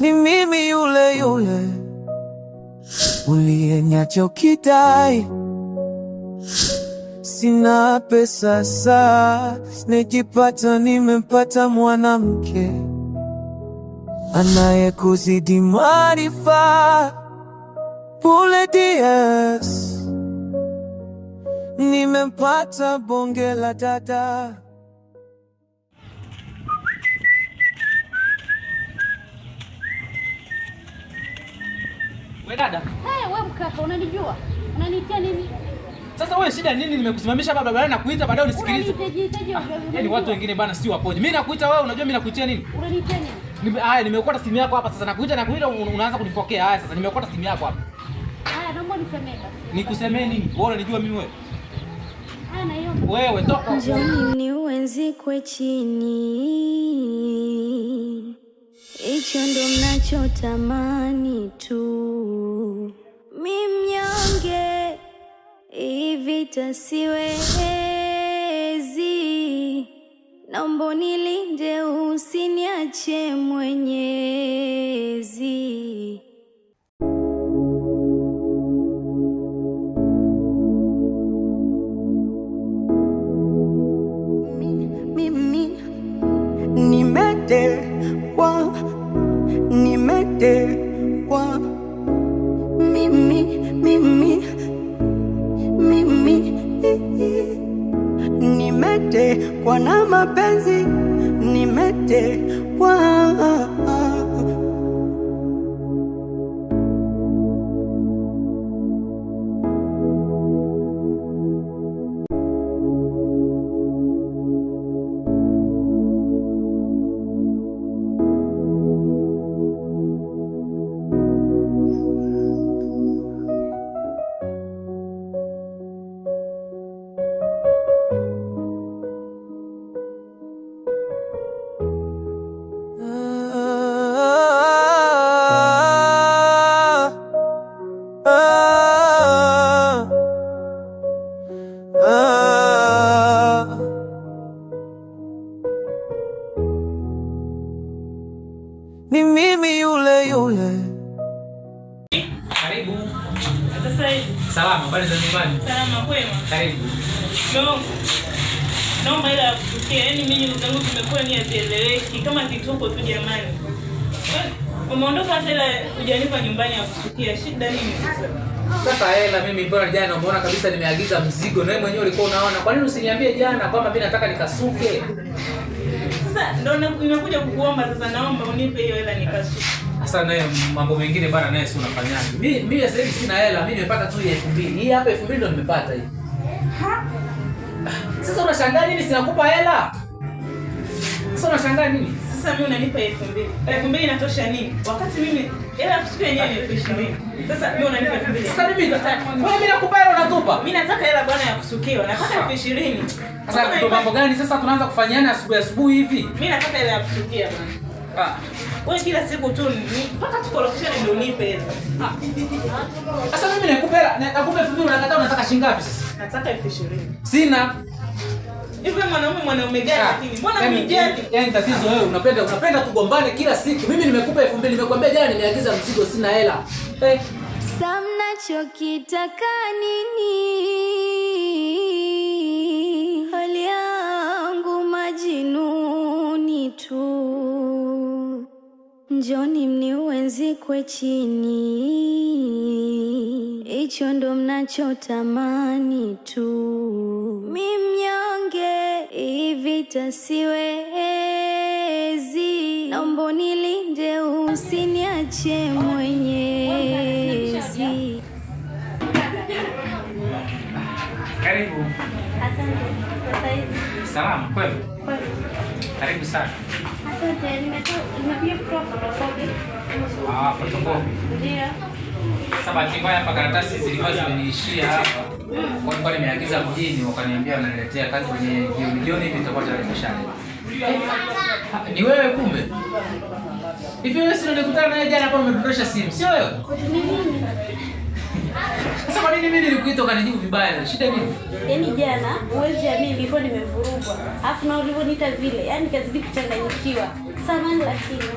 ni mimi yule yule uliyenyachokidai. Sina pesa saa nejipata, nimempata mwanamke anayekuzidi maarifa. Bule Dias nimempata bonge la dada. Wewe dada. Hey, wewe mkaka unanijua? Unanitia nini? Sasa wewe shida nini? Nimekusimamisha hapa barabarani na kuita baadaye unisikilize. Ah, yaani watu wengine bana si wapoje. Mimi nakuita wewe, unajua mimi nakuitia nini? Unanitia nini? Nime haya nimekuta simu yako hapa sasa nakuita na kuita unaanza kunipokea. Haya sasa nimekuta simu yako hapa. Haya naomba nisemee basi. Nikusemee nini? Wewe unanijua mimi wewe. Haya na hiyo. Wewe toka. Njoni ni uenzi kwe chini hicho ndo mnachotamani tu. Mi mnyonge, ivita siwezi, naomba nilinde, usiniache Mwenyezi. Mimi, nimete kwa nimetekwa na mapenzi, nimetekwa kama vituko tu jamani. Eh, umeondoka hela hujanipa nyumbani ya kusukia. Shida nini sasa? Sasa hela mimi mbona jana umeona kabisa nimeagiza mzigo na wewe mwenyewe ulikuwa unaona. Kwa nini usiniambie jana kwamba mimi nataka nikasuke? Sasa ndio nimekuja kukuomba sasa, naomba unipe hiyo hela nikasuke. Sasa naye mambo mengine bana, naye si unafanyaje? Mimi mimi sasa hivi sina hela, mimi nimepata tu 2000. Hii hapa 2000 ndio nimepata hii. Ah, sasa unashangaa nini? Sinakupa hela. Sasa unashangaa nini? sasa mimi unanipa elfu mbili elfu mbili inatosha nini? Wakati mimi hela siku yenyewe ni elfu ishirini sasa mimi unanipa elfu mbili Sasa mimi nataka wewe mimi nakubali, unatupa mimi nataka hela bwana ya kusukiwa, nataka elfu ishirini Sasa ndio mambo gani sasa tunaanza kufanyana asubuhi asubuhi hivi? Mimi nataka hela ya kusukia bwana. Ah. Wewe kila siku tu ni mpaka tukorofishane ndio unipe hela. Ah. Sasa mimi nakupa hela, nakupa elfu mbili unakataa, unataka shilingi ngapi sasa? Nataka elfu ishirini Sina. Hivi mwanaume mwanaume gani ah, lakini? Mbona mnijani? Yaani tatizo wewe unapenda unapenda tugombane kila siku. Mimi nimekupa 2000 nimekwambia jana nimeagiza mzigo sina hela. Eh. Samna chokitaka nini? Hali yangu majinuni tu. Njoni mniuenzi kwe chini, hicho ndo mnachotamani tu. Mi mnyonge hivi tasiwezi, naomba nilinde, usiniache Mwenyezi. Karibu. Asante. Salama kweli? Karibu sana. Ah, hapa karatasi zilikuwa zimeniishia hapa. Kwa hiyo nimeagiza mjini wakaniambia wananiletea kazi kwenye jioni jioni hivi nitakuwa tayari Ni wewe kumbe? Hivi wewe si ndio naye jana hapa umedondosha simu, sio wewe? Sasa kwa nini mimi nilikuita ukanijibu vibaya? Shida nini? Yaani jana mwezi ya mimi nilikuwa nimevurugwa. Alafu na ulivyoniita vile, yaani kazidi kuchanganyikiwa. Samahani lakini.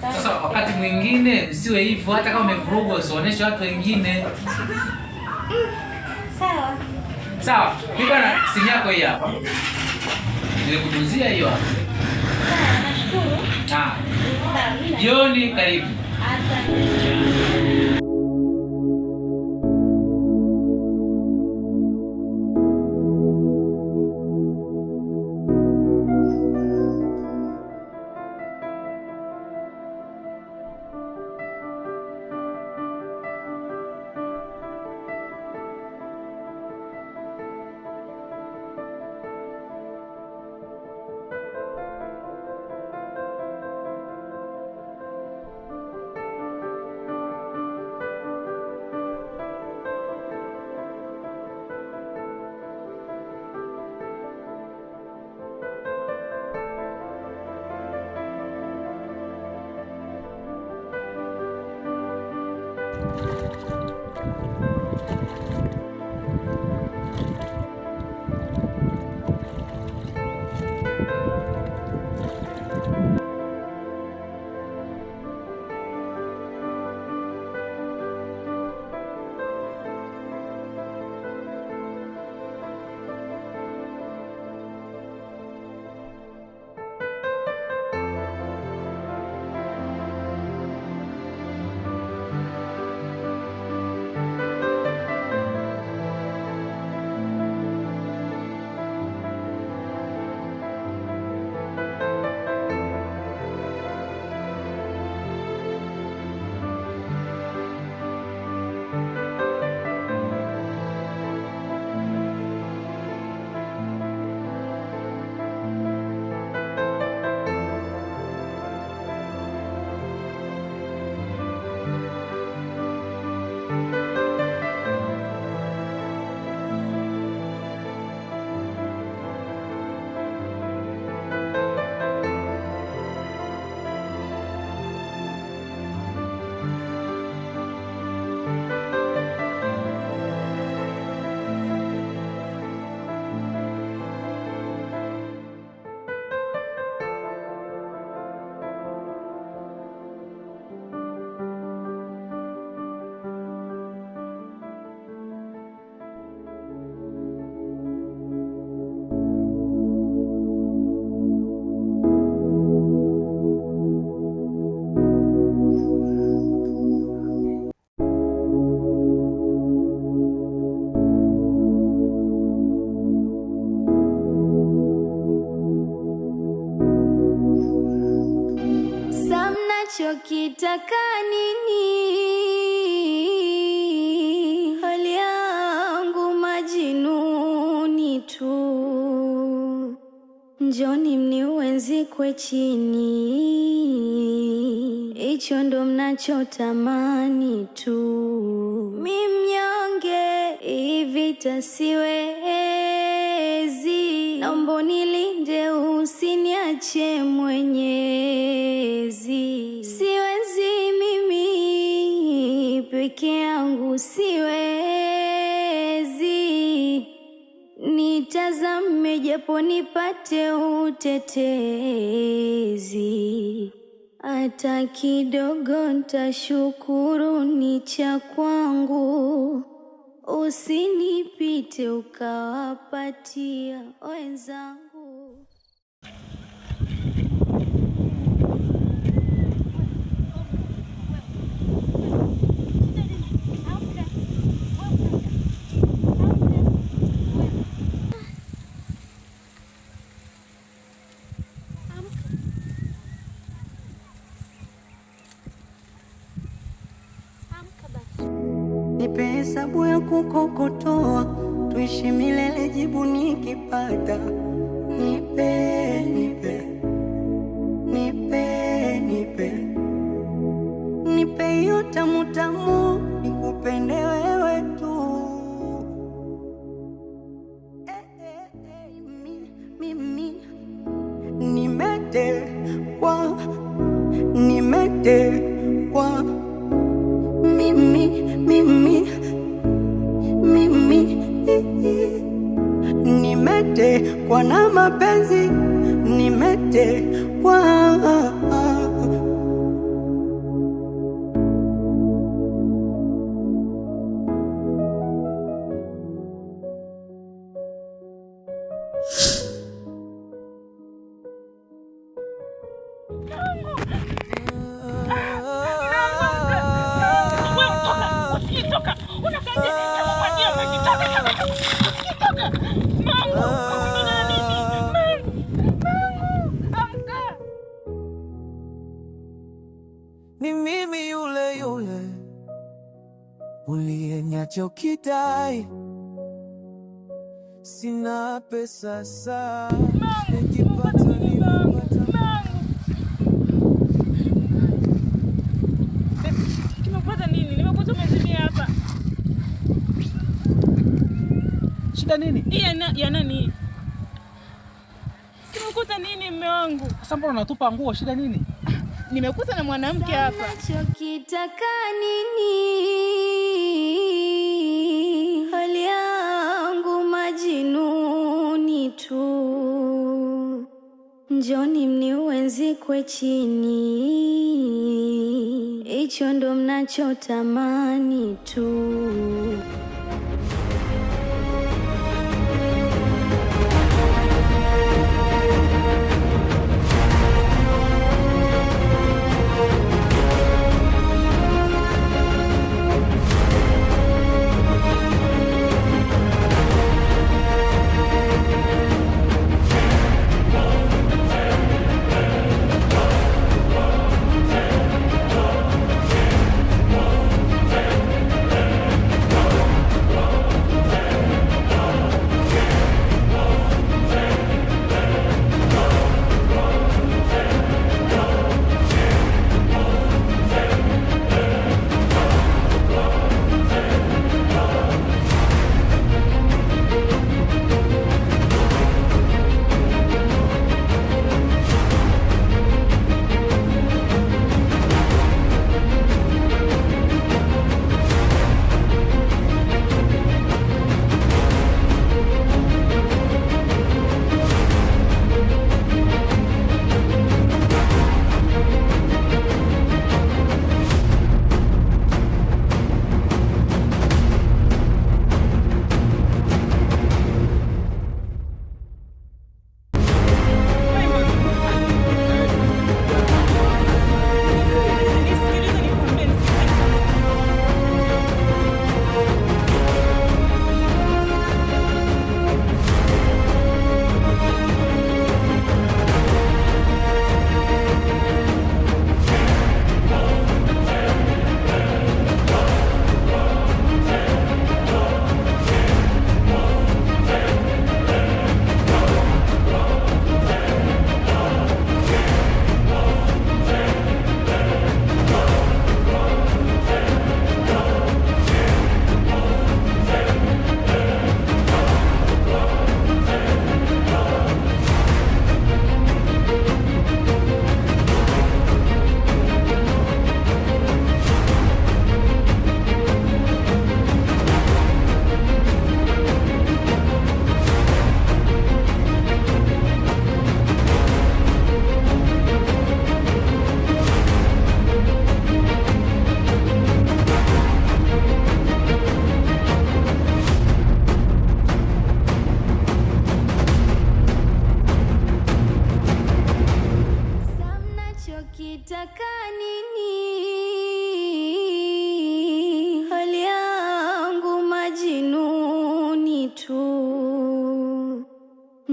Sasa wakati mwingine msiwe hivyo, hata kama umevurugwa usionyeshe watu wengine. Sawa. Sawa. Mimi bwana simu yako hii hapa. Nilikutunzia hiyo hapa. Sawa, nashukuru. Ah. Jioni karibu. Asante. takani ni Njoni mniuwenzi kwe chini, hicho ndo mnachotamani tu. Mi mnyonge, ivita siwezi, naomba nilinde, usiniache Mwenyezi. Siwezi mimi peke yangu, siwezi nitazame japo nipate utetezi, hata kidogo ntashukuru ni cha kwangu, usinipite ukawapatia wenzangu. kukokotoa tuishi milele. Jibu nikipata, nipe nipe nipe nipe nipe hiyo tamutamu nikupende wewe tu. Eh, eh, eh, mi, mi, mi. Nimete kwa nimete kwa na mapenzi nimetekwa uliye nachokidai, sina pesa saa Shida nini? Ya nani? Kimekuta nini mme wangu? Sasa mbona unatupa nguo, shida nini? Nimekuta na mwanamke hapa. Nachokitaka nini? tu, njoni mniuenzi kwe chini, hicho ndo mnachotamani tu.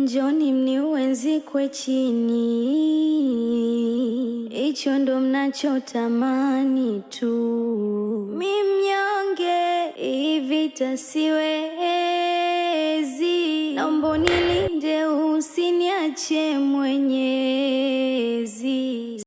Njoni mniuenzi kwe chini, hicho ndo mnachotamani tu. Mi mnyonge hivi tasiwezi, naomba nilinde, usiniache Mwenyezi.